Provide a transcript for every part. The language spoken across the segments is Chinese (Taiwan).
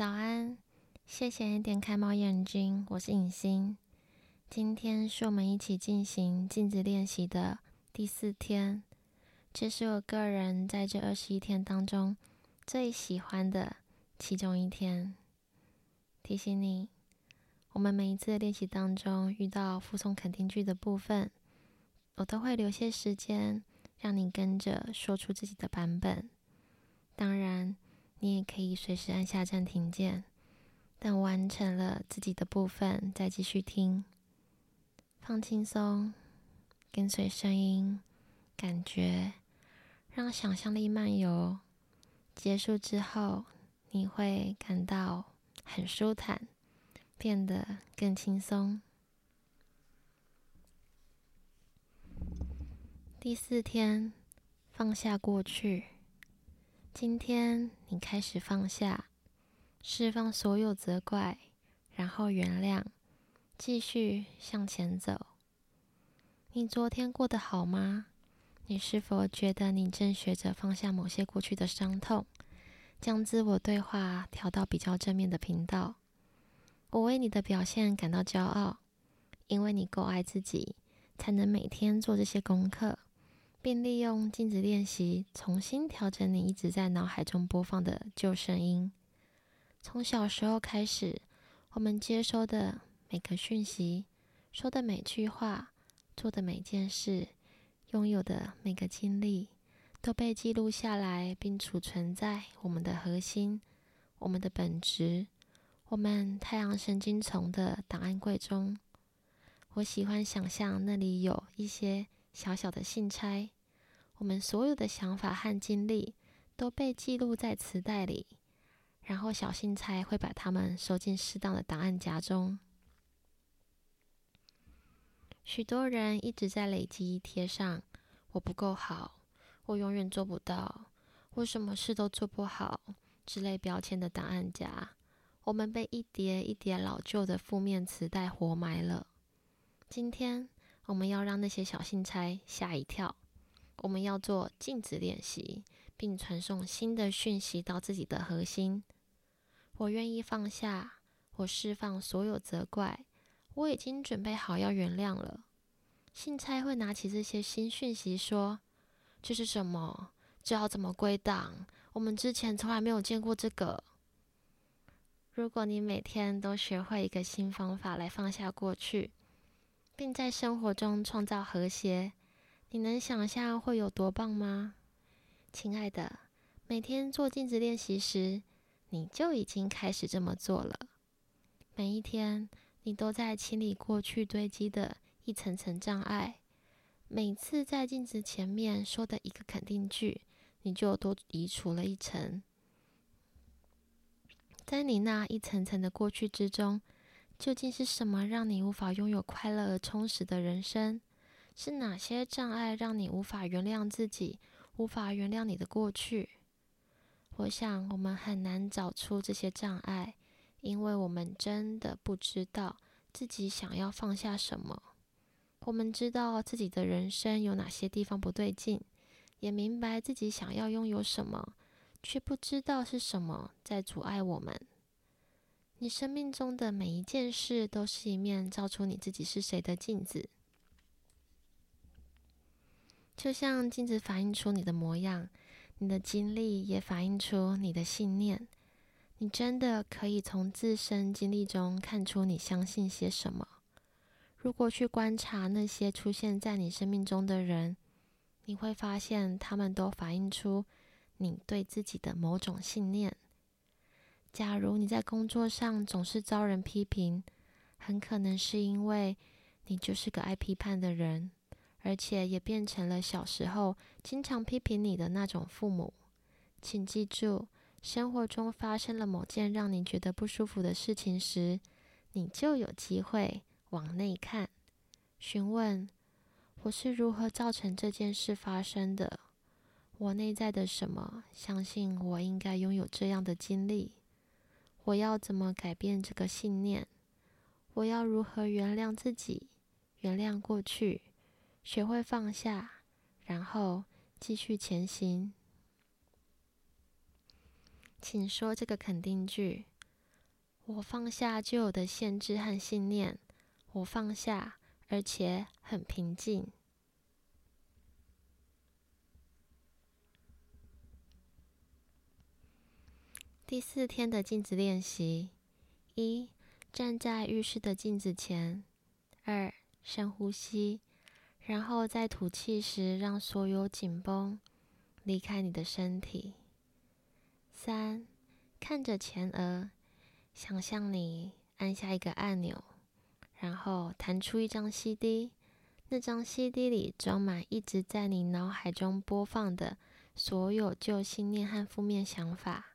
早安，謝謝你點開貓眼睛，我是影星。今天是我們一起進行鏡子練習的第四天，這是我個人在這二十一天當中最喜歡的其中一天。提醒你，我們每一次的練習當中遇到複誦肯定句的部分，我都會留些時間讓你跟着說出自己的版本。當然。你也可以隨時按下暫停鍵，等完成了自己的部分再繼續聽。放輕鬆，跟隨聲音感覺，讓想象力漫遊。結束之後，你會感到很舒坦，變得更輕鬆。第四天，放下過去。今天你開始放下，釋放所有責怪，然後原諒，繼續向前走。你昨天過得好嗎？你是否覺得你正學着放下某些過去的傷痛，將自我對話調到比較正面的頻道？我為你的表現感到驕傲，因為你夠愛自己，才能每天做這些功課。並利用鏡子練習，重新調整你一直在腦海中播放的舊聲音。從小時候開始，我們接收的每個訊息、說的每句話、做的每件事、擁有的每個經歷，都被記錄下來並儲存在我們的核心、我們的本質、我們太陽神經叢的檔案櫃中。我喜歡想象那裡有一些。小小的信差，我們所有的想法和經歷都被記錄在磁帶裡，然後小信差會把它們收進適當的檔案夾中。許多人一直在累積貼上“我不夠好”“我永遠做不到”“我什麼事都做不好”之類標籤的檔案夾，我們被一疊一疊老舊的負面磁帶活埋了。今天。我們要讓那些小信差嚇一跳。我們要做鏡子練習，並傳送新的訊息到自己的核心。我願意放下，我釋放所有責怪。我已經準備好要原諒了。信差會拿起這些新訊息，說：“這是什麼？要怎麼歸檔？我們之前從來沒有見過這個。”如果你每天都學會一個新方法來放下過去。並在生活中創造和諧，你能想象會有多棒嗎？親愛的，每天做鏡子練習時，你就已經開始這麼做了。每一天，你都在清理過去堆積的一層層障礙。每次在鏡子前面說的一個肯定句，你就多移除了一層。在你那一層層的過去之中。究竟是什麼讓你無法擁有快樂而充實的人生？是哪些障礙讓你無法原諒自己、無法原諒你的過去？我想，我們很難找出這些障礙，因為我們真的不知道自己想要放下什麼。我們知道自己的人生有哪些地方不對勁，也明白自己想要擁有什麼，卻不知道是什麼在阻礙我們。你生命中的每一件事都是一面照出你自己是誰的鏡子，就像鏡子反映出你的模樣，你的經歷也反映出你的信念。你真的可以從自身經歷中看出你相信些什麼。如果去觀察那些出現在你生命中的人，你會發現他們都反映出你對自己的某種信念。假如你在工作上總是遭人批評，很可能是因為你就是個愛批判的人，而且也變成了小時候經常批評你的那種父母。請記住，生活中發生了某件讓你覺得不舒服的事情時，你就有機會往內看，詢問，我是如何造成這件事發生的。我內在的什麼相信我應該擁有這樣的經歷。我要怎麼改變這個信念？我要如何原諒自己、原諒過去，學會放下，然後繼續前行？請說這個肯定句：我放下舊有的限制和信念，我放下，而且很平靜。第四天的鏡子練習：一、站在浴室的鏡子前；二、深呼吸，然後在吐氣時讓所有緊繃離開你的身體；三、看着前額，想象你按下一個按鈕，然後彈出一張 CD，那張 CD 裡裝滿一直在你腦海中播放的所有舊信念和負面想法。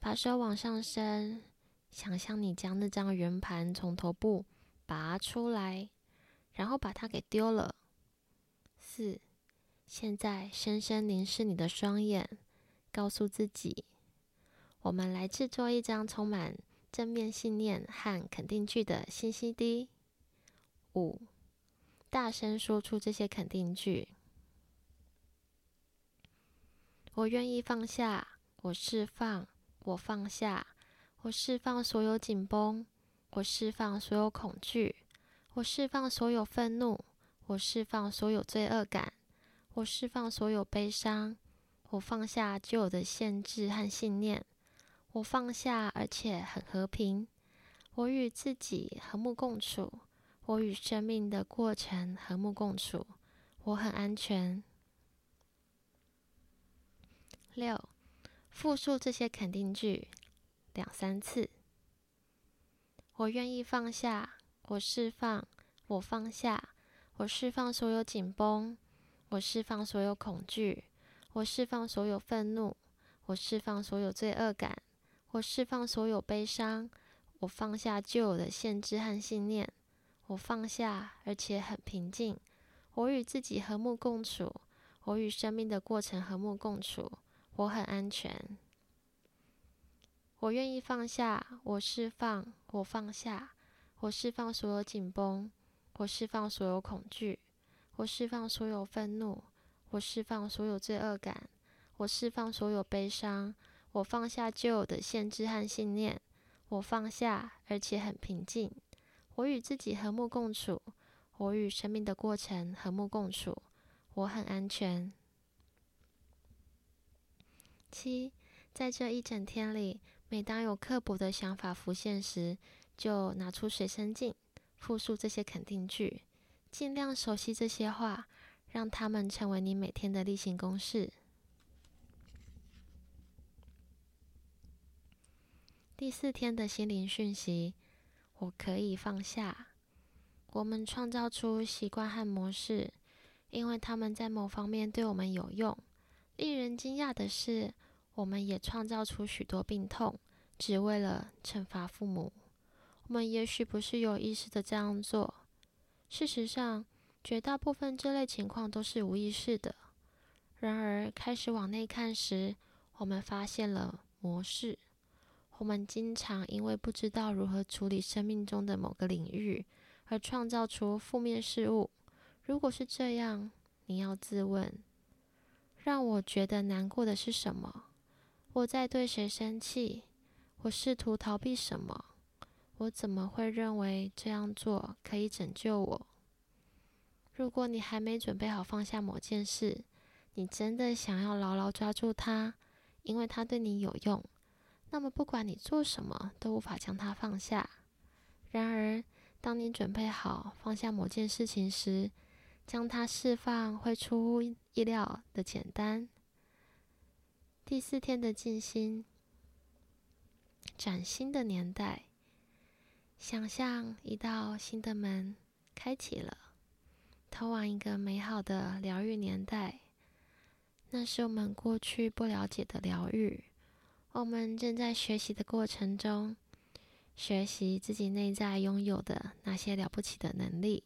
把手往上伸，想象你將那張圓盤從頭部拔出來，然後把它給丟了。四，現在深深凝視你的雙眼，告訴自己：我們來制作一張充滿正面信念和肯定句的新 CD。五，大聲說出這些肯定句：我願意放下，我釋放。我放下，我釋放所有緊繃，我釋放所有恐懼，我釋放所有憤怒，我釋放所有罪惡感，我釋放所有悲傷，我放下舊有的限制和信念，我放下，而且很和平，我與自己和睦共處，我與生命的過程和睦共處，我很安全。六。複述這些肯定句兩三次。我願意放下，我釋放，我放下，我釋放所有緊繃，我釋放所有恐懼，我釋放所有憤怒，我釋放所有罪惡感，我釋放所有悲傷。我放下舊有的限制和信念。我放下，而且很平靜。我與自己和睦共處，我與生命的過程和睦共處。我很安全。我願意放下，我釋放，我放下，我釋放所有緊繃，我釋放所有恐懼，我釋放所有憤怒，我釋放所有罪惡感，我釋放所有悲傷。我放下舊有的限制和信念。我放下，而且很平靜。我與自己和睦共處，我與生命的過程和睦共處。我很安全。七，在這一整天裡，每當有刻薄的想法浮現時，就拿出隨身鏡，複述這些肯定句，盡量熟悉這些話，讓他們成為你每天的例行公事。第四天的心靈訊息：我可以放下。我們創造出習慣和模式，因為他們在某方面對我們有用。令人驚訝的是，我們也創造出許多病痛，只為了懲罰父母。我們也許不是有意識地這樣做，事實上，絕大部分這類情況都是無意識的。然而，開始往內看時，我們發現了模式。我們經常因為不知道如何處理生命中的某個領域，而創造出負面事物。如果是這樣，你要自問。讓我覺得難過的是什麼？我在對誰生氣？我試圖逃避什麼？我怎麼會認為這樣做可以拯救我？如果你還沒準備好放下某件事，你真的想要牢牢抓住它，因為它對你有用，那麼不管你做什麼都無法將它放下。然而，當你準備好放下某件事情時，將它釋放，會出乎意料的簡單。第四天的靜心，嶄新的年代，想象一道新的門開啟了，通往一個美好的療癒年代。那是我們過去不了解的療癒，我們正在學習的過程中，學習自己內在擁有的那些了不起的能力。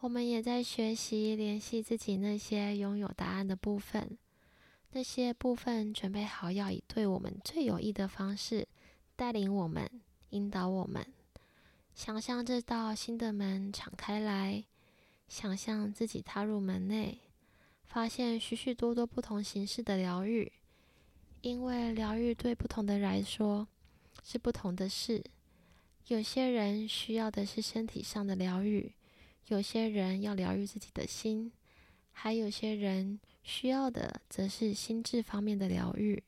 我們也在學習聯繫自己那些擁有答案的部分，那些部分準備好要以對我們最有益的方式帶領我們、引導我們。想象這道新的門敞開來，想象自己踏入門內，發現許許多多不同形式的療癒，因為療癒對不同的人來說是不同的事。有些人需要的是身體上的療癒。有些人要療癒自己的心，還有些人需要的則是心智方面的療癒。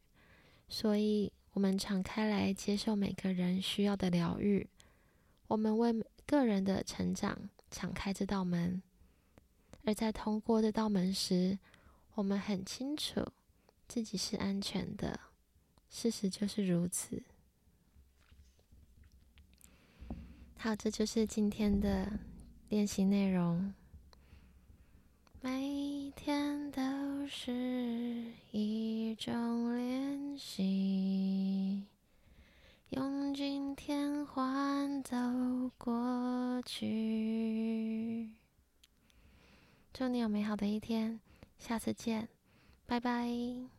所以，我們敞開來接受每個人需要的療癒。我們為個人的成長敞開這道門，而在通過這道門時，我們很清楚自己是安全的。事實就是如此。好，這就是今天的練習內容，每天都是一種練習，用今天換走過去。祝你有美好的一天，下次見，拜拜。